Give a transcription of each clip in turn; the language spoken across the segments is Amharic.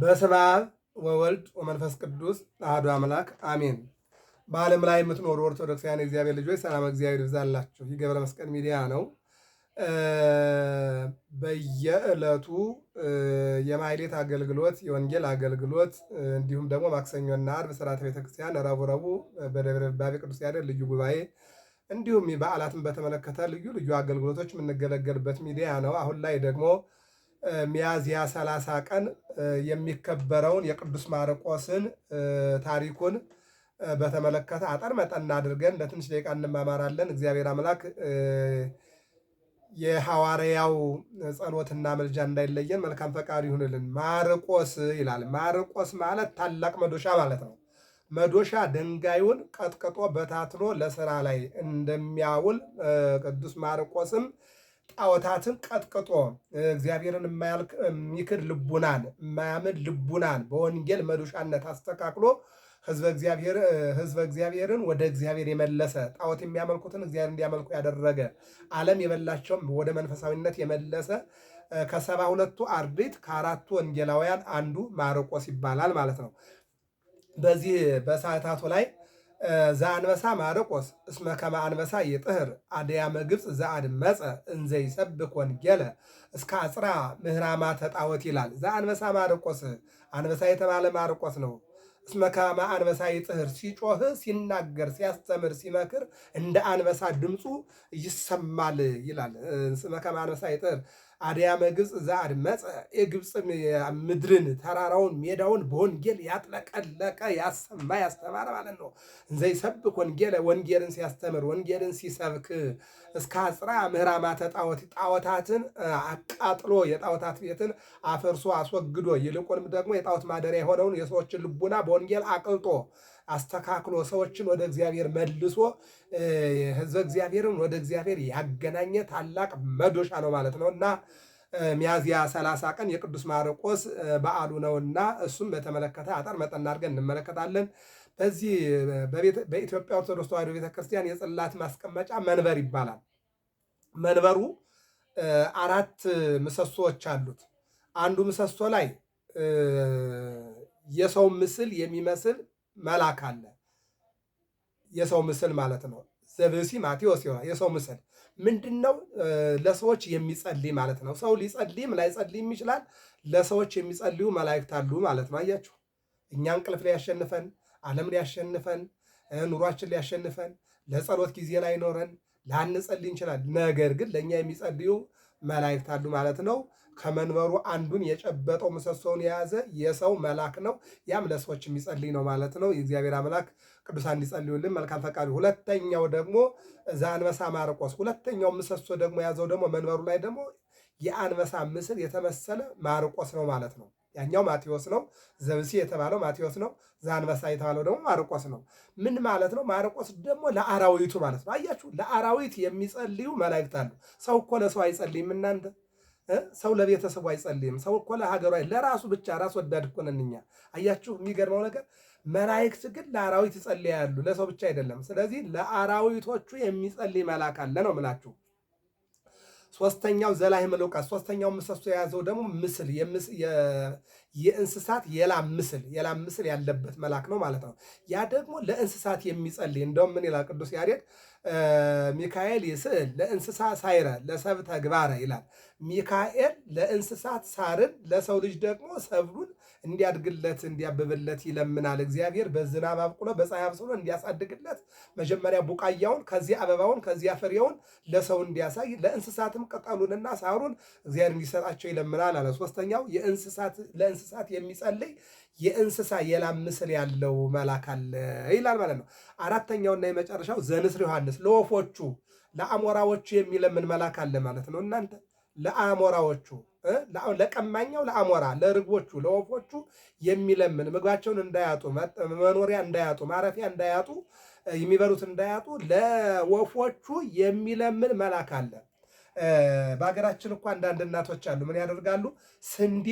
በስመ አብ ወወልድ ወመንፈስ ቅዱስ አሐዱ አምላክ አሜን። በዓለም ላይ የምትኖሩ ኦርቶዶክሳውያን የእግዚአብሔር ልጆች ሰላም እግዚአብሔር ይብዛላችሁ። ይህ ገብረ መስቀል ሚዲያ ነው። በየዕለቱ የማይሌት አገልግሎት፣ የወንጌል አገልግሎት እንዲሁም ደግሞ ማክሰኞና አርብ ስርዓተ ቤተክርስቲያን፣ ረቡዕ ረቡዕ በደብረ ቅዱስ ያደር ልዩ ጉባኤ እንዲሁም በዓላትን በተመለከተ ልዩ ልዩ አገልግሎቶች የምንገለገልበት ሚዲያ ነው። አሁን ላይ ደግሞ ሚያዝያ 30 ቀን የሚከበረውን የቅዱስ ማርቆስን ታሪኩን በተመለከተ አጠር መጠን አድርገን ለትንሽ ደቂቃ እንማማራለን። እግዚአብሔር አምላክ የሐዋርያው ጸሎትና መልጃ እንዳይለየን መልካም ፈቃድ ይሁንልን። ማርቆስ ይላል። ማርቆስ ማለት ታላቅ መዶሻ ማለት ነው። መዶሻ ድንጋዩን ቀጥቅጦ በታትኖ ለስራ ላይ እንደሚያውል ቅዱስ ማርቆስም ጣዖታትን ቀጥቅጦ እግዚአብሔርን የማያልክ የሚክድ ልቡናን የማያምን ልቡናን በወንጌል መዶሻነት አስተካክሎ ህዝበ እግዚአብሔርን ወደ እግዚአብሔር የመለሰ ጣዖት የሚያመልኩትን እግዚአብሔር እንዲያመልኩ ያደረገ ዓለም የበላቸውም ወደ መንፈሳዊነት የመለሰ ከሰባ ሁለቱ አርድእት ከአራቱ ወንጌላውያን አንዱ ማርቆስ ይባላል ማለት ነው። በዚህ በሰዓታቱ ላይ ዘአንበሳ ማርቆስ እስመ ከመ አንበሳ ይጥህር አድያመ ግብፅ ዘአድመፀ እንዘይ ይሰብክ ወንጌለ እስከ አጽራ ምህራማ ተጣወት ይላል። ዘአንበሳ ማርቆስ አንበሳ የተባለ ማርቆስ ነው። እስመ ከመ አንበሳ ይጥህር ሲጮህ፣ ሲናገር፣ ሲያስተምር፣ ሲመክር እንደ አንበሳ ድምፁ ይሰማል ይላል። እስመ ከመ አንበሳ ይጥህር አዲያመ ግብፅ ዘአድመፀ የግብፅ ምድርን ተራራውን ሜዳውን በወንጌል ያጥለቀለቀ ያሰማ ያስተማረ ማለት ነው። እንዘ ይሰብክ ወንጌልን ሲያስተምር ወንጌልን ሲሰብክ እስከ አጽራ ምህራማተ ጣዖት ጣዖታትን አቃጥሎ የጣዖታት ቤትን አፈርሶ አስወግዶ ይልቁንም ደግሞ የጣዖት ማደሪያ የሆነውን የሰዎችን ልቡና በወንጌል አቅልጦ አስተካክሎ ሰዎችን ወደ እግዚአብሔር መልሶ ህዝበ እግዚአብሔርን ወደ እግዚአብሔር ያገናኘ ታላቅ መዶሻ ነው ማለት ነው እና ሚያዝያ 30 ቀን የቅዱስ ማርቆስ በዓሉ ነውና እሱም በተመለከተ አጠር መጠን አድርገን እንመለከታለን። በዚህ በኢትዮጵያ ኦርቶዶክስ ተዋሕዶ ቤተክርስቲያን የጽላት ማስቀመጫ መንበር ይባላል። መንበሩ አራት ምሰሶዎች አሉት። አንዱ ምሰሶ ላይ የሰው ምስል የሚመስል መልአክ አለ። የሰው ምስል ማለት ነው። ዘብሲ ማቴዎስ ይሆናል። የሰው ምስል ምንድን ነው? ለሰዎች የሚጸልይ ማለት ነው። ሰው ሊጸልይም ላይጸልይም ይችላል። ለሰዎች የሚጸልዩ መላእክት አሉ ማለት ነው። አያችሁ፣ እኛ እንቅልፍ ሊያሸንፈን፣ ዓለም ሊያሸንፈን፣ ኑሯችን ሊያሸንፈን፣ ለጸሎት ጊዜ ላይኖረን፣ ላንጸልይ እንችላል። ነገር ግን ለእኛ የሚጸልዩ መላእክት አሉ ማለት ነው። ከመንበሩ አንዱን የጨበጠው ምሰሶውን የያዘ የሰው መልአክ ነው። ያም ለሰዎች የሚጸልይ ነው ማለት ነው። የእግዚአብሔር አምላክ ቅዱሳን እንዲጸልዩልን መልካም ፈቃዱ። ሁለተኛው ደግሞ ዛንበሳ ማርቆስ፣ ሁለተኛው ምሰሶ ደግሞ የያዘው ደግሞ መንበሩ ላይ ደግሞ የአንበሳ ምስል የተመሰለ ማርቆስ ነው ማለት ነው። ያኛው ማቴዎስ ነው። ዘብሲ የተባለው ማቴዎስ ነው። ዛንበሳ የተባለው ደግሞ ማርቆስ ነው። ምን ማለት ነው? ማርቆስ ደግሞ ለአራዊቱ ማለት ነው። አያችሁ፣ ለአራዊት የሚጸልዩ መላእክት አሉ። ሰው እኮ ለሰው አይጸልይም እናንተ ሰው ለቤተሰቡ አይጸልይም። ሰው እኮ ለሀገሩ ለራሱ ብቻ ራስ ወዳድ እኮ ነን እኛ። አያችሁ፣ የሚገርመው ነገር መላእክት ግን ለአራዊት ይጸልያሉ፣ ለሰው ብቻ አይደለም። ስለዚህ ለአራዊቶቹ የሚጸልይ መልአክ አለ ነው ምላችሁ። ሶስተኛው ዘላይ ምልውቃት ሶስተኛው ምሰሶ የያዘው ደግሞ ምስል የእንስሳት የላም ምስል የላም ምስል ያለበት መልአክ ነው ማለት ነው። ያ ደግሞ ለእንስሳት የሚጸልይ እንደውም ምን ይላል ቅዱስ ያሬድ ሚካኤል ይስዕል ለእንስሳ ሳይረ ለሰብ ተግባረ ይላል። ሚካኤል ለእንስሳት ሳርን ለሰው ልጅ ደግሞ ሰብሉን እንዲያድግለት እንዲያብብለት ይለምናል። እግዚአብሔር በዝናብ አብቁሎ በፀሐይ አብስሎ እንዲያሳድግለት መጀመሪያ ቡቃያውን ከዚያ አበባውን ከዚያ ፍሬውን ለሰው እንዲያሳይ ለእንስሳትም ቅጠሉንና ሳሩን እግዚአብሔር እንዲሰጣቸው ይለምናል አለ። ሶስተኛው ለእንስሳት እንስሳት የሚጸልይ የእንስሳ የላም ምስል ያለው መልአክ አለ ይላል ማለት ነው። አራተኛውና የመጨረሻው ዘንስር ዮሐንስ ለወፎቹ ለአሞራዎቹ የሚለምን መልአክ አለ ማለት ነው። እናንተ ለአሞራዎቹ ለቀማኛው ለአሞራ ለርግቦቹ ለወፎቹ የሚለምን ምግባቸውን እንዳያጡ መኖሪያ እንዳያጡ ማረፊያ እንዳያጡ የሚበሉት እንዳያጡ ለወፎቹ የሚለምን መልአክ አለ። በሀገራችን እኮ አንዳንድ እናቶች አሉ። ምን ያደርጋሉ? ስንዴ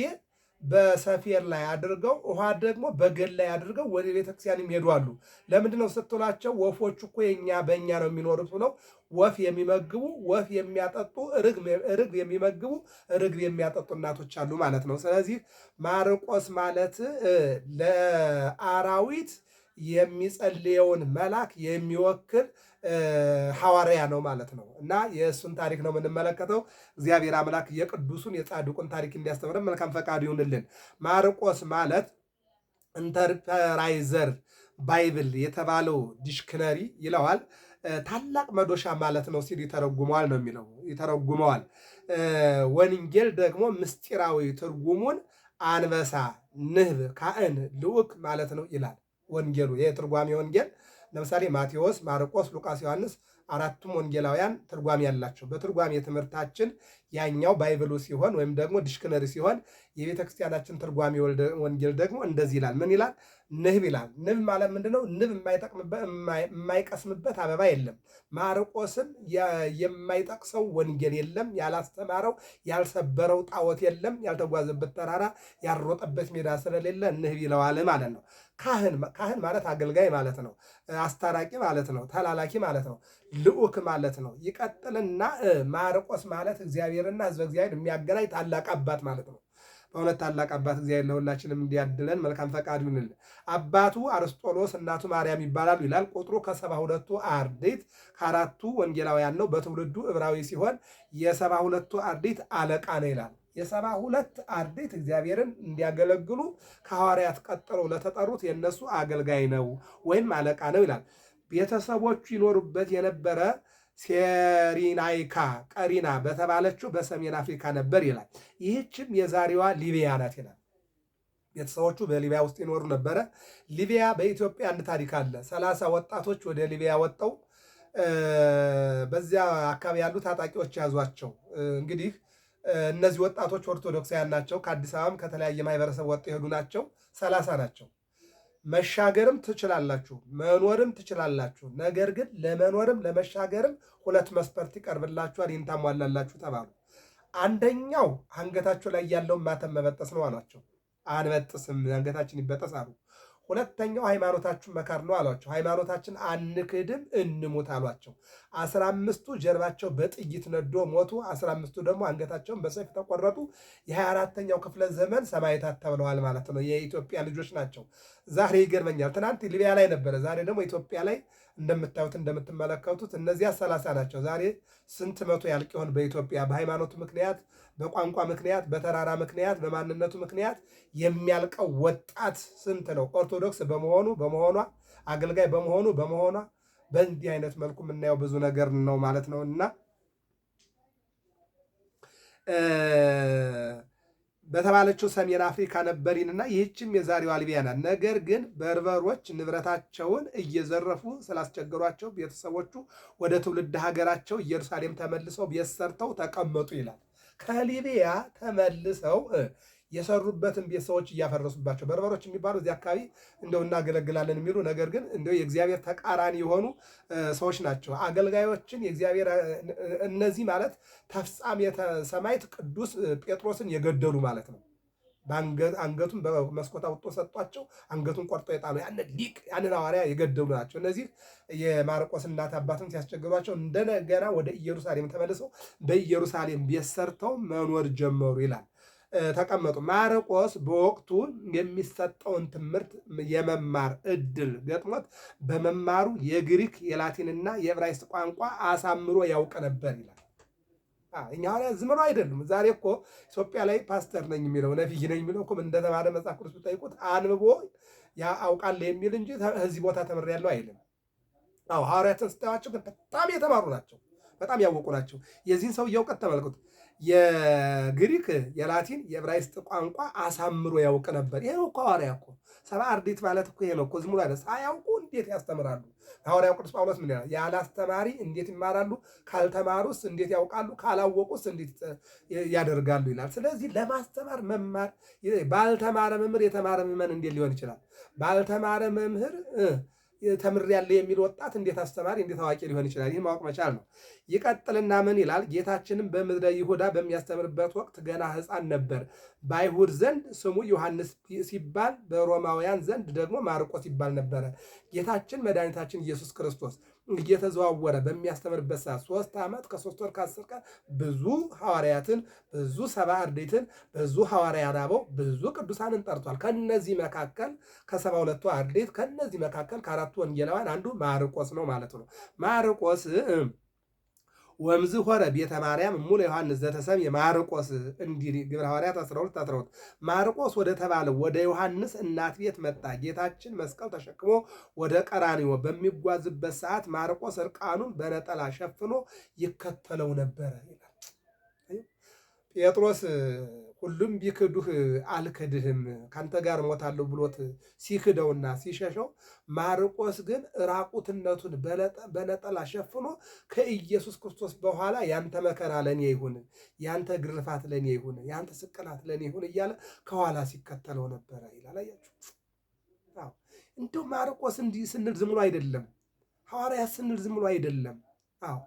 በሰፌር ላይ አድርገው ውሃ ደግሞ በገል ላይ አድርገው ወደ ቤተክርስቲያን የሚሄዱ አሉ። ለምንድን ነው ስትላቸው፣ ወፎች እኮ የኛ በእኛ ነው የሚኖሩት ብለው ወፍ የሚመግቡ ወፍ የሚያጠጡ ርግብ የሚመግቡ ርግብ የሚያጠጡ እናቶች አሉ ማለት ነው። ስለዚህ ማርቆስ ማለት ለአራዊት የሚጸልየውን መልአክ የሚወክል ሐዋርያ ነው ማለት ነው እና የእሱን ታሪክ ነው የምንመለከተው። እግዚአብሔር አምላክ የቅዱሱን የጻድቁን ታሪክ እንዲያስተምረን መልካም ፈቃዱ ይሁንልን። ማርቆስ ማለት ኢንተርፕራይዘር ባይብል የተባለው ዲሽክነሪ ይለዋል ታላቅ መዶሻ ማለት ነው ሲል ይተረጉመዋል ነው የሚለው ይተረጉመዋል። ወንጌል ደግሞ ምስጢራዊ ትርጉሙን አንበሳ፣ ንህብ፣ ካህን፣ ልዑክ ማለት ነው ይላል ወንጌሉ ይህ ትርጓሜ ወንጌል ለምሳሌ ማቴዎስ፣ ማርቆስ፣ ሉቃስ፣ ዮሐንስ አራቱም ወንጌላውያን ትርጓሜ ያላቸው። በትርጓሜ ትምህርታችን ያኛው ባይብሉ ሲሆን ወይም ደግሞ ዲሽክነሪ ሲሆን የቤተ ክርስቲያናችን ትርጓሚ ወንጌል ደግሞ እንደዚህ ይላል። ምን ይላል? ንህብ ይላል። ንህብ ማለት ምንድነው? ንብ የማይቀስምበት አበባ የለም። ማርቆስን የማይጠቅሰው ወንጌል የለም። ያላስተማረው ያልሰበረው ጣዖት የለም። ያልተጓዘበት ተራራ ያልሮጠበት ሜዳ ስለሌለ ንህብ ይለዋል ማለት ነው። ካህን ካህን ማለት አገልጋይ ማለት ነው። አስታራቂ ማለት ነው። ተላላኪ ማለት ነው። ልዑክ ማለት ነው። ይቀጥልና ማርቆስ ማለት እግዚአብሔር እግዚአብሔርና ህዝበ እግዚአብሔር የሚያገናኝ ታላቅ አባት ማለት ነው። በእውነት ታላቅ አባት እግዚአብሔር ለሁላችንም እንዲያድለን መልካም ፈቃድ ይሁንልን። አባቱ አርስጦሎስ እናቱ ማርያም ይባላሉ ይላል። ቁጥሩ ከሰባ ሁለቱ አርዲት ከአራቱ ወንጌላውያን ነው። በትውልዱ እብራዊ ሲሆን የሰባ ሁለቱ አርዲት አለቃ ነው ይላል። የሰባ ሁለት አርዴት እግዚአብሔርን እንዲያገለግሉ ከሐዋርያት ቀጥለው ለተጠሩት የእነሱ አገልጋይ ነው ወይም አለቃ ነው ይላል። ቤተሰቦቹ ይኖሩበት የነበረ ሴሪናይካ ቀሪና በተባለችው በሰሜን አፍሪካ ነበር ይላል። ይህችም የዛሬዋ ሊቢያ ናት ይላል። ቤተሰቦቹ በሊቢያ ውስጥ ይኖሩ ነበረ። ሊቢያ በኢትዮጵያ አንድ ታሪክ አለ። ሰላሳ ወጣቶች ወደ ሊቢያ ወጠው በዚያ አካባቢ ያሉ ታጣቂዎች ያዟቸው። እንግዲህ እነዚህ ወጣቶች ኦርቶዶክሳውያን ናቸው። ከአዲስ አበባም ከተለያየ ማህበረሰብ ወጥ የሄዱ ናቸው። ሰላሳ ናቸው። መሻገርም ትችላላችሁ፣ መኖርም ትችላላችሁ። ነገር ግን ለመኖርም ለመሻገርም ሁለት መስፈርት ይቀርብላችኋል፣ ይህን ታሟላላችሁ ተባሉ። አንደኛው አንገታቸው ላይ ያለውን ማተም መበጠስ ነው አሏቸው። አንበጥስም፣ አንገታችን ይበጠስ አሉ። ሁለተኛው ሃይማኖታችሁን መካር ነው አሏቸው። ሃይማኖታችን አንክድም እንሙት አሏቸው። አስራ አምስቱ ጀርባቸው በጥይት ነዶ ሞቱ። አስራ አምስቱ ደግሞ አንገታቸውን በሰይፍ ተቆረጡ። የሀያ አራተኛው ክፍለ ዘመን ሰማዕታት ተብለዋል ማለት ነው። የኢትዮጵያ ልጆች ናቸው። ዛሬ ይገርመኛል። ትናንት ሊቢያ ላይ ነበረ፣ ዛሬ ደግሞ ኢትዮጵያ ላይ እንደምታዩት እንደምትመለከቱት እነዚያ ሰላሳ ናቸው። ዛሬ ስንት መቶ ያልቅ ይሆን በኢትዮጵያ በሃይማኖቱ ምክንያት፣ በቋንቋ ምክንያት፣ በተራራ ምክንያት፣ በማንነቱ ምክንያት የሚያልቀው ወጣት ስንት ነው? ኦርቶዶክስ በመሆኑ በመሆኗ አገልጋይ በመሆኑ በመሆኗ በእንዲህ አይነት መልኩ የምናየው ብዙ ነገር ነው ማለት ነው እና በተባለችው ሰሜን አፍሪካ ነበሪንና ይህችም የዛሬዋ ሊቢያ ናት። ነገር ግን በርበሮች ንብረታቸውን እየዘረፉ ስላስቸገሯቸው ቤተሰቦቹ ወደ ትውልድ ሀገራቸው ኢየሩሳሌም ተመልሰው ቤት ሰርተው ተቀመጡ ይላል። ከሊቢያ ተመልሰው የሰሩበትን ቤት ሰዎች እያፈረሱባቸው በርበሮች የሚባሉ እዚህ አካባቢ እንደው እናገለግላለን የሚሉ ነገር ግን እንደው የእግዚአብሔር ተቃራኒ የሆኑ ሰዎች ናቸው። አገልጋዮችን የእግዚአብሔር እነዚህ ማለት ተፍጻሜ ሰማዕት ቅዱስ ጴጥሮስን የገደሉ ማለት ነው። አንገቱን በመስኮት አውጥቶ ሰጧቸው። አንገቱን ቆርጦ የጣሉ ያንን ሊቅ ያንን ሐዋርያ የገደሉ ናቸው። እነዚህ የማርቆስ እናት አባትም ሲያስቸግሯቸው እንደገና ወደ ኢየሩሳሌም ተመልሰው በኢየሩሳሌም ቤት ሰርተው መኖር ጀመሩ ይላል። ተቀመጡ። ማርቆስ በወቅቱ የሚሰጠውን ትምህርት የመማር እድል ገጥሞት በመማሩ የግሪክ የላቲንና የዕብራይስጥ ቋንቋ አሳምሮ ያውቅ ነበር ይላል። እኛ ኋላ ዝም ብሎ አይደሉም። ዛሬ እኮ ኢትዮጵያ ላይ ፓስተር ነኝ የሚለው ነፊይ ነኝ የሚለው እንደተባለ መጽሐፍ ቅዱስ ብጠይቁት አንብቦ ያውቃል የሚል እንጂ እዚህ ቦታ ተምሬያለሁ አይልም። አዎ ሐዋርያትን ስታያቸው ግን በጣም የተማሩ ናቸው፣ በጣም ያወቁ ናቸው። የዚህን ሰውዬ እውቀት ተመልክቱ። የግሪክ የላቲን የዕብራይስጥ ቋንቋ አሳምሮ ያውቅ ነበር። ይሄ እኮ ሐዋርያ እኮ ሰባ አርድእት ማለት እኮ ይሄ ነው እኮ ዝም ብሎ ሳያውቁ እንዴት ያስተምራሉ? ሐዋርያው ቅዱስ ጳውሎስ ምን ይላል? ያለ አስተማሪ እንዴት ይማራሉ? ካልተማሩስ እንዴት ያውቃሉ? ካላወቁስ እንዴት ያደርጋሉ? ይላል። ስለዚህ ለማስተማር መማር፣ ባልተማረ መምህር የተማረ ምዕመን እንዴት ሊሆን ይችላል? ባልተማረ መምህር ተምሬያለሁ የሚል ወጣት እንዴት አስተማሪ እንዴት አዋቂ ሊሆን ይችላል? ይህን ማወቅ መቻል ነው። ይቀጥልና ምን ይላል? ጌታችንም በምድረ ይሁዳ በሚያስተምርበት ወቅት ገና ሕፃን ነበር። በአይሁድ ዘንድ ስሙ ዮሐንስ ሲባል፣ በሮማውያን ዘንድ ደግሞ ማርቆስ ይባል ነበረ። ጌታችን መድኃኒታችን ኢየሱስ ክርስቶስ እየተዘዋወረ በሚያስተምርበት ሰዓት ሶስት ዓመት ከሶስት ወር ከአስር ቀን ብዙ ሐዋርያትን ብዙ ሰባ አርዴትን ብዙ ሐዋርያን አበው ብዙ ቅዱሳንን ጠርቷል። ከነዚህ መካከል ከሰባ ሁለቱ አርዴት ከነዚህ መካከል ከአራቱ ወንጌላውያን አንዱ ማርቆስ ነው ማለት ነው። ማርቆስ ወምዝ ሆረ ቤተ ማርያም ሙሉ ዮሐንስ ዘተሰም የማርቆስ እንዲህ ግብረ ሐዋርያት 12 12 ማርቆስ ወደ ተባለ ወደ ዮሐንስ እናት ቤት መጣ። ጌታችን መስቀል ተሸክሞ ወደ ቀራኒዎ በሚጓዝበት ሰዓት ማርቆስ እርቃኑን በነጠላ ሸፍኖ ይከተለው ነበረ። ጴጥሮስ ሁሉም ቢክዱህ አልክድህም ካንተ ጋር ሞታለሁ ብሎት ሲክደውና ሲሸሸው፣ ማርቆስ ግን ራቁትነቱን በነጠላ ሸፍኖ ከኢየሱስ ክርስቶስ በኋላ ያንተ መከራ ለእኔ ይሁን፣ ያንተ ግርፋት ለእኔ ይሁን፣ ያንተ ስቅላት ለእኔ ይሁን እያለ ከኋላ ሲከተለው ነበረ ይላል። አያችሁ፣ እንደው ማርቆስ እንዲህ ስንል ዝምሎ አይደለም፣ ሐዋርያ ስንል ዝምሎ አይደለም። አዎ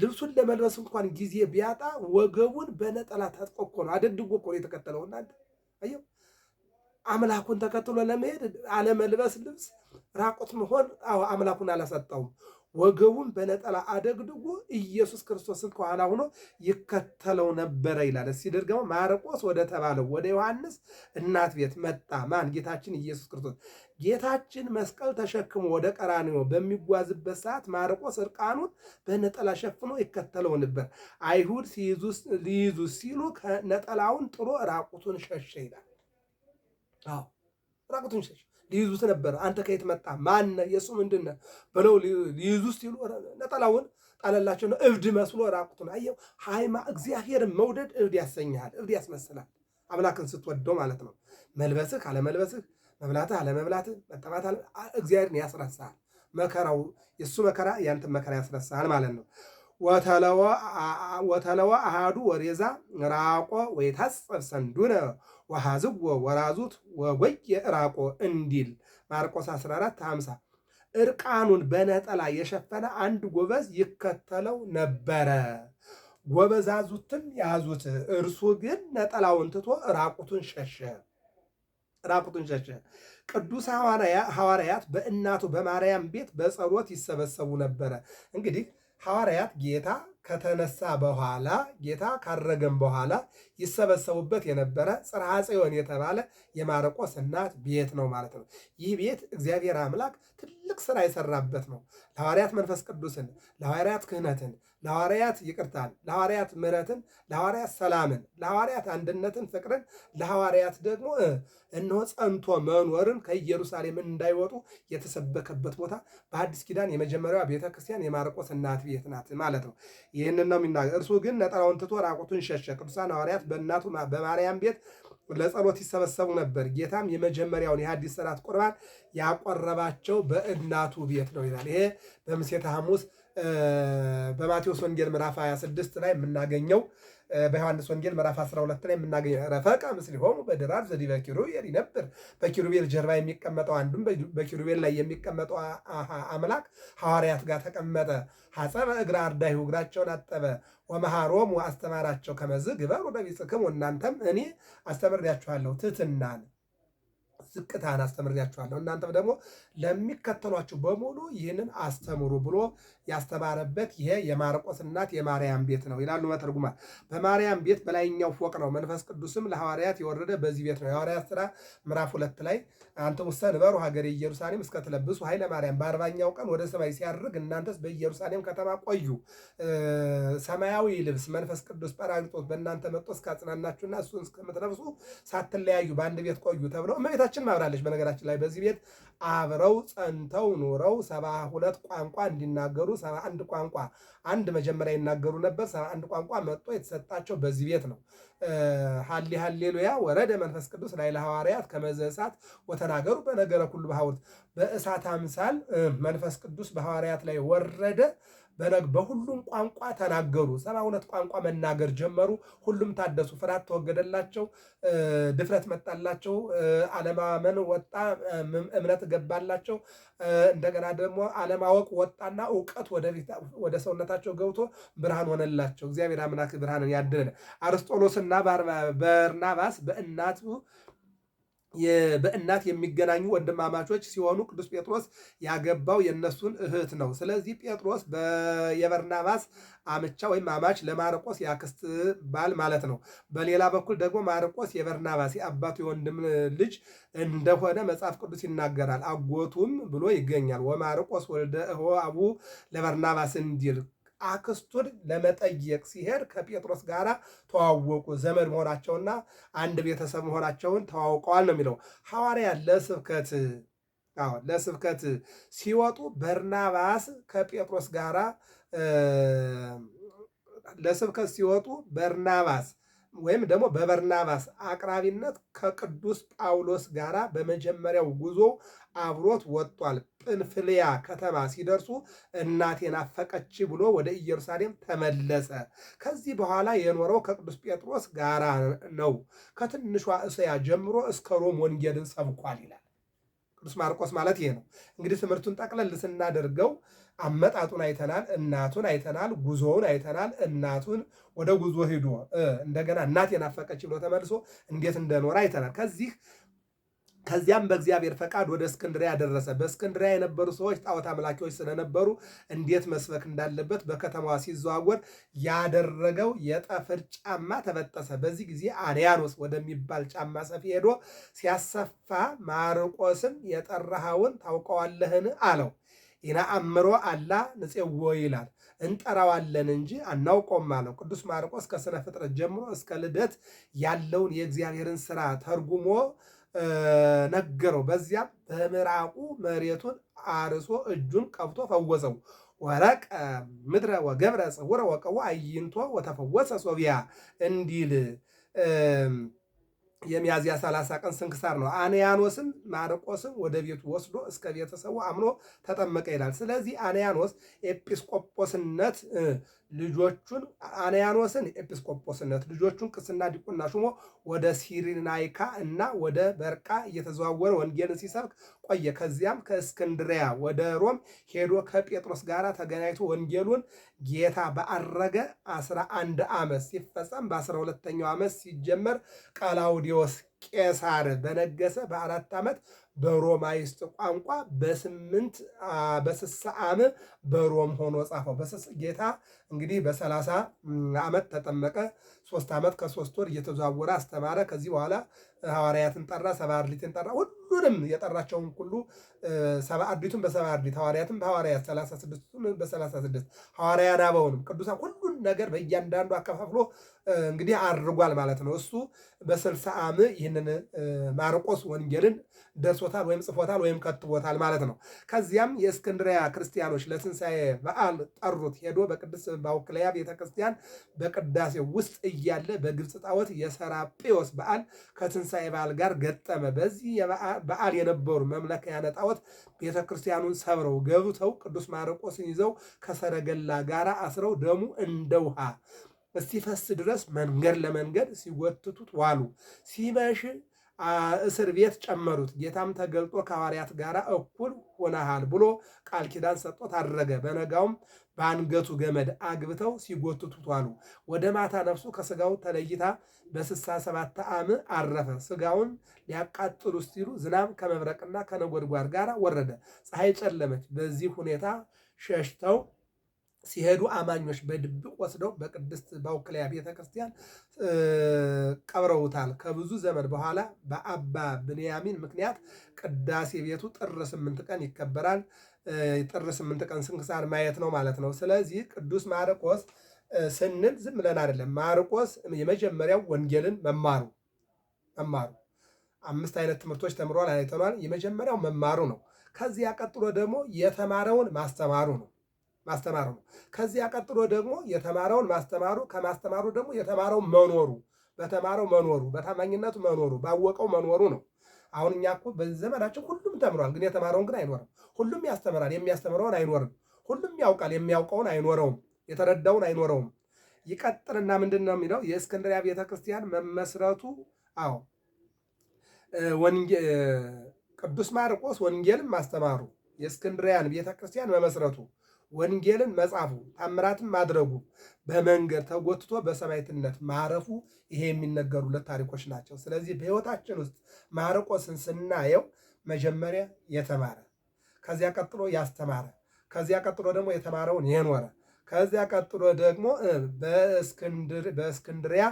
ልብሱን ለመልበስ እንኳን ጊዜ ቢያጣ ወገቡን በነጠላ ታጥቆ እኮ ነው አደድጎ እኮ ነው የተከተለው። እናንተ አየው አምላኩን ተከትሎ ለመሄድ አለመልበስ ልብስ ራቁት መሆን አምላኩን አላሳጣውም። ወገቡን በነጠላ አደግድጎ ኢየሱስ ክርስቶስን ከኋላ ሆኖ ይከተለው ነበረ ይላል። እስኪ ደግሞ ማርቆስ ወደ ተባለው ወደ ዮሐንስ እናት ቤት መጣ። ማን? ጌታችን ኢየሱስ ክርስቶስ። ጌታችን መስቀል ተሸክሞ ወደ ቀራንዮ በሚጓዝበት ሰዓት ማርቆስ እርቃኑን በነጠላ ሸፍኖ ይከተለው ነበር። አይሁድ ሊይዙ ሲሉ ነጠላውን ጥሎ ራቁቱን ሸሸ ይላል። ራቁቱን ሸሸ ሊይዙት ነበር። አንተ ከየት መጣ? ማነ? የእሱ ምንድነ ብለው ሊይዙ ሲሉ ነጠላውን ጣለላቸው። ነው እብድ መስሎ ራቁቱን አየው። ሃይማ እግዚአብሔርን መውደድ እብድ ያሰኝሃል፣ እብድ ያስመስላል። አምላክን ስትወደው ማለት ነው። መልበስህ ካለመልበስህ፣ መብላትህ አለመብላትህ፣ መጠባት እግዚአብሔርን ያስረሳል። መከራው የእሱ መከራ ያንተ መከራ ያስረሳል ማለት ነው። ወተለወ አሃዱ ወሬዛ ራቆ ወይታጸብ ሰንዱነ ወሃዝዎ ወራዙት ወጎየ ዕራቆ እንዲል ማርቆስ 14 50 ዕርቃኑን በነጠላ የሸፈነ አንድ ጎበዝ ይከተለው ነበረ። ጎበዛዙትም ያዙት፣ እርሱ ግን ነጠላውን ትቶ ራቁቱን ሸሸ ራቁቱን ሸሸ። ቅዱስ ሐዋርያት በእናቱ በማርያም ቤት በጸሎት ይሰበሰቡ ነበረ። እንግዲህ ሐዋርያት ጌታ ከተነሳ በኋላ ጌታ ካረገም በኋላ ይሰበሰቡበት የነበረ ጽርሐ ጽዮን የተባለ የማርቆስ እናት ቤት ነው ማለት ነው። ይህ ቤት እግዚአብሔር አምላክ ትልቅ ስራ የሰራበት ነው። ለሐዋርያት መንፈስ ቅዱስን፣ ለሐዋርያት ክህነትን ለሐዋርያት ይቅርታን፣ ለሐዋርያት ምሕረትን፣ ለሐዋርያት ሰላምን፣ ለሐዋርያት አንድነትን፣ ፍቅርን፣ ለሐዋርያት ደግሞ እነሆ ጸንቶ መኖርን ከኢየሩሳሌም እንዳይወጡ የተሰበከበት ቦታ በአዲስ ኪዳን የመጀመሪያ ቤተ ክርስቲያን የማርቆስ እናት ቤት ናት ማለት ነው። ይህን ነው የሚናገር። እርሱ ግን ነጠላውን ትቶ ራቁቱን ሸሸ። ቅዱሳን ሐዋርያት በእናቱ በማርያም ቤት ለጸሎት ይሰበሰቡ ነበር። ጌታም የመጀመሪያውን የአዲስ ሥርዓት ቁርባን ያቆረባቸው በእናቱ ቤት ነው ይላል። ይሄ በምሴተ ሐሙስ በማቴዎስ ወንጌል ምዕራፍ 26 ላይ የምናገኘው በዮሐንስ ወንጌል ምዕራፍ 12 ላይ የምናገኘው ረፈቃ ምስሊሆሙ በድራር ዘዲ በኪሩቤል ይነብር በኪሩቤል ጀርባ የሚቀመጠው አንዱም በኪሩቤል ላይ የሚቀመጠው አምላክ ሐዋርያት ጋር ተቀመጠ። ሐፀበ እግረ አርዳይሁ እግራቸውን አጠበ። ወመሃሮሙ አስተማራቸው ከመዝ ግበሩ በቢጽክሙ እናንተም እኔ አስተምሬያችኋለሁ ትሕትናን ዝቅታን አስተምሬያችኋለሁ እናንተም ደግሞ ለሚከተሏችሁ በሙሉ ይህንን አስተምሩ ብሎ ያስተማረበት ይሄ የማርቆስ እናት የማርያም ቤት ነው ይላሉ መተርጉማን። በማርያም ቤት በላይኛው ፎቅ ነው። መንፈስ ቅዱስም ለሐዋርያት የወረደ በዚህ ቤት ነው። የሐዋርያት ሥራ ምዕራፍ ሁለት ላይ አንተ አንትሙ ሰንበሩ ሀገረ ኢየሩሳሌም እስከትለብሱ ኃይለ ማርያም፣ በአርባኛው ቀን ወደ ሰማይ ሲያርግ እናንተስ በኢየሩሳሌም ከተማ ቆዩ፣ ሰማያዊ ልብስ መንፈስ ቅዱስ ጰራቅሊጦስ በእናንተ መጥቶ እስካጽናናችሁና እሱን እስከምትለብሱ ሳትለያዩ በአንድ ቤት ቆዩ ተብለው እመቤታችን ሌሎችንም አብራለች። በነገራችን ላይ በዚህ ቤት አብረው ጸንተው ኑረው ሰባ ሁለት ቋንቋ እንዲናገሩ ሰባ አንድ ቋንቋ አንድ መጀመሪያ ይናገሩ ነበር። ሰባ አንድ ቋንቋ መጥቶ የተሰጣቸው በዚህ ቤት ነው። ሀሊ ሀሌሉያ ወረደ መንፈስ ቅዱስ ላይ ለሐዋርያት ከመዘ እሳት ወተናገሩ በነገረ ሁሉ በሐውርት በእሳት አምሳል መንፈስ ቅዱስ በሐዋርያት ላይ ወረደ። በሁሉም ቋንቋ ተናገሩ። ሰባ ሁለት ቋንቋ መናገር ጀመሩ። ሁሉም ታደሱ፣ ፍርሃት ተወገደላቸው፣ ድፍረት መጣላቸው፣ አለማመን ወጣ፣ እምነት ገባላቸው። እንደገና ደግሞ አለማወቅ ወጣና እውቀት ወደ ሰውነታቸው ገብቶ ብርሃን ሆነላቸው። እግዚአብሔር አምላክ ብርሃንን ያድልን። አርስጦሎስና በርናባስ በእናቱ በእናት የሚገናኙ ወንድማማቾች ሲሆኑ ቅዱስ ጴጥሮስ ያገባው የእነሱን እህት ነው። ስለዚህ ጴጥሮስ የበርናባስ አምቻ ወይም አማች ለማርቆስ ያክስት ባል ማለት ነው። በሌላ በኩል ደግሞ ማርቆስ የበርናባስ የአባቱ የወንድም ልጅ እንደሆነ መጽሐፍ ቅዱስ ይናገራል። አጎቱም ብሎ ይገኛል። ወማርቆስ ወልደ አቡ ለበርናባስ እንዲል አክስቱን ለመጠየቅ ሲሄድ ከጴጥሮስ ጋር ተዋወቁ። ዘመድ መሆናቸውና አንድ ቤተሰብ መሆናቸውን ተዋውቀዋል ነው የሚለው ሐዋርያ ለስብከት አዎ ለስብከት ሲወጡ በርናባስ ከጴጥሮስ ጋር ለስብከት ሲወጡ በርናባስ ወይም ደግሞ በበርናባስ አቅራቢነት ከቅዱስ ጳውሎስ ጋር በመጀመሪያው ጉዞ አብሮት ወጥቷል። ጵንፍልያ ከተማ ሲደርሱ እናቴ ናፈቀች ብሎ ወደ ኢየሩሳሌም ተመለሰ። ከዚህ በኋላ የኖረው ከቅዱስ ጴጥሮስ ጋር ነው። ከትንሿ እስያ ጀምሮ እስከ ሮም ወንጌልን ሰብኳል ይላል። ቅዱስ ማርቆስ ማለት ይሄ ነው። እንግዲህ ትምህርቱን ጠቅለል ስናደርገው አመጣጡን አይተናል። እናቱን አይተናል። ጉዞውን አይተናል። እናቱን ወደ ጉዞ ሂዶ እንደገና እናት የናፈቀች ብሎ ተመልሶ እንዴት እንደኖረ አይተናል። ከዚህ ከዚያም በእግዚአብሔር ፈቃድ ወደ እስክንድሪያ ደረሰ። በእስክንድሪያ የነበሩ ሰዎች ጣዖት አምላኪዎች ስለነበሩ እንዴት መስበክ እንዳለበት በከተማዋ ሲዘዋወር ያደረገው የጠፍር ጫማ ተበጠሰ። በዚህ ጊዜ አንያኖስ ወደሚባል ጫማ ሰፊ ሄዶ ሲያሰፋ ማርቆስም የጠራኸውን ታውቀዋለህን አለው። ይነአምሮ አላ ንፄዎ ይላል እንጠራዋለን እንጂ አናውቀውም አለው። ቅዱስ ማርቆስ ከሥነ ፍጥረት ጀምሮ እስከ ልደት ያለውን የእግዚአብሔርን ስራ ተርጉሞ ነገረው። በዚያም በምራቁ መሬቱን አርሶ እጁን ቀብቶ ፈወሰው። ወረቀ ምድረ ወገብረ ጽውረ ወቀው አይንቶ ወተፈወሰ ሶቢያ እንዲል የሚያዝያ 30 ቀን ስንክሳር ነው። አንያኖስን ማርቆስን ወደ ቤቱ ወስዶ እስከ ቤተሰቡ አምኖ ተጠመቀ ይላል። ስለዚህ አንያኖስ ኤጲስቆጶስነት ልጆቹን አንያኖስን ኤጲስቆጶስነት ልጆቹን ቅስና ዲቁና ሹሞ ወደ ሲሪናይካ እና ወደ በርቃ እየተዘዋወረ ወንጌልን ሲሰብክ ቆየ። ከዚያም ከእስክንድሪያ ወደ ሮም ሄዶ ከጴጥሮስ ጋር ተገናኝቶ ወንጌሉን ጌታ በአረገ 11 ዓመት ሲፈጸም በ12ኛው ዓመት ሲጀመር ቀላውዲዮስ ቄሳር በነገሰ በአራት ዓመት በሮማይስጥ ቋንቋ በስምንት በስሳ ዓመት በሮም ሆኖ ጻፈው። በስስ ጌታ እንግዲህ በሰላሳ ዓመት ተጠመቀ። ሶስት ዓመት ከሶስት ወር እየተዘዋወረ አስተማረ። ከዚህ በኋላ ሐዋርያትን ጠራ፣ ሰባ አርድእትን ጠራ። ሁሉንም የጠራቸውን ሁሉ ሰባ አርድእቱን በሰባ አርድእት ሐዋርያትን በሐዋርያት ሰላሳ ስድስቱን በሰላሳ ስድስት ሐዋርያ ዳበውንም ቅዱሳን ሁሉን ነገር በእያንዳንዱ አከፋፍሎ እንግዲህ አድርጓል ማለት ነው። እሱ በስልሳ ዓም ይህንን ማርቆስ ወንጌልን ደርሶታል ወይም ጽፎታል ወይም ከትቦታል ማለት ነው። ከዚያም የእስክንድሪያ ክርስቲያኖች ለትንሣኤ በዓል ጠሩት። ሄዶ በቅዱስ ባውክለያ ቤተክርስቲያን በቅዳሴ ውስጥ እያለ በግብፅ ጣዖት የሰራጴዎስ በዓል ከትንሣኤ በዓል ጋር ገጠመ። በዚህ በዓል የነበሩ መምለኪያነ ጣዖት ቤተክርስቲያኑን ሰብረው ገብተው ቅዱስ ማርቆስን ይዘው ከሰረገላ ጋር አስረው ደሙ እንደ ውሃ እስቲፈስ ድረስ መንገድ ለመንገድ ሲወትቱት ዋሉ። ሲመሽ እስር ቤት ጨመሩት። ጌታም ተገልጦ ከሐዋርያት ጋር እኩል ሆነሃል ብሎ ቃል ኪዳን ሰጥቶት አድረገ። በነጋውም በአንገቱ ገመድ አግብተው ሲጎትቱት ዋሉ። ወደ ማታ ነፍሱ ከስጋው ተለይታ በስሳ ሰባት ዓም አረፈ። ስጋውን ሊያቃጥሉ ሲሉ ዝናብ ከመብረቅና ከነጎድጓድ ጋር ወረደ። ፀሐይ ጨለመች። በዚህ ሁኔታ ሸሽተው ሲሄዱ አማኞች በድብቅ ወስደው በቅድስት በውክልያ ቤተክርስቲያን ቀብረውታል። ከብዙ ዘመን በኋላ በአባ ብንያሚን ምክንያት ቅዳሴ ቤቱ ጥር ስምንት ቀን ይከበራል። ጥር ስምንት ቀን ስንክሳር ማየት ነው ማለት ነው። ስለዚህ ቅዱስ ማርቆስ ስንል ዝም ብለን አይደለም። ማርቆስ የመጀመሪያው ወንጌልን መማሩ መማሩ አምስት አይነት ትምህርቶች ተምሯል አይተኗል። የመጀመሪያው መማሩ ነው። ከዚያ ቀጥሎ ደግሞ የተማረውን ማስተማሩ ነው። ማስተማሩ ነው። ከዚያ ቀጥሎ ደግሞ የተማረውን ማስተማሩ፣ ከማስተማሩ ደግሞ የተማረው መኖሩ፣ በተማረው መኖሩ፣ በታማኝነቱ መኖሩ፣ ባወቀው መኖሩ ነው። አሁን እኛ እኮ በዚህ ዘመናችን ሁሉም ተምሯል፣ ግን የተማረውን ግን አይኖርም። ሁሉም ያስተምራል፣ የሚያስተምረውን አይኖርም። ሁሉም ያውቃል፣ የሚያውቀውን አይኖረውም። የተረዳውን አይኖረውም። ይቀጥልና ምንድን ነው የሚለው የእስክንድሪያ ቤተክርስቲያን መመስረቱ አዎ ቅዱስ ማርቆስ ወንጌልም ማስተማሩ የእስክንድሪያን ቤተክርስቲያን መመስረቱ ወንጌልን መጻፉ ታምራትን ማድረጉ በመንገድ ተጎትቶ በሰማዕትነት ማረፉ ይሄ የሚነገሩለት ታሪኮች ናቸው። ስለዚህ በሕይወታችን ውስጥ ማርቆስን ስናየው መጀመሪያ የተማረ ከዚያ ቀጥሎ ያስተማረ ከዚያ ቀጥሎ ደግሞ የተማረውን የኖረ ከዚያ ቀጥሎ ደግሞ በእስክንድሪያ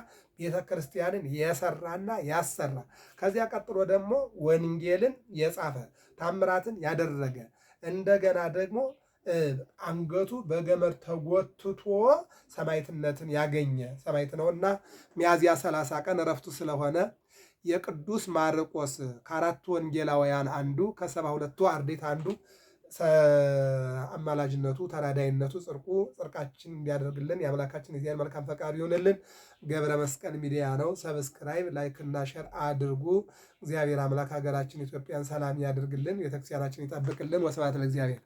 ቤተ ክርስቲያንን የሰራና ያሰራ ከዚያ ቀጥሎ ደግሞ ወንጌልን የጻፈ ታምራትን ያደረገ እንደገና ደግሞ አንገቱ በገመድ ተጎትቶ ሰማይትነትን ያገኘ ሰማይት ነውና ሚያዝያ 30 ቀን እረፍቱ ስለሆነ የቅዱስ ማርቆስ ከአራቱ ወንጌላውያን አንዱ ከሰባ ሁለቱ አርዴት አንዱ አማላጅነቱ ተራዳይነቱ ጽርቁ ጽርቃችን እንዲያደርግልን የአምላካችን የዚያን መልካም ፈቃድ ይሆንልን። ገብረ መስቀል ሚዲያ ነው። ሰብስክራይብ፣ ላይክ እና ሸር አድርጉ። እግዚአብሔር አምላክ ሀገራችን ኢትዮጵያን ሰላም ያደርግልን ቤተክርስቲያናችን ይጠብቅልን። ወስብሐት ለእግዚአብሔር።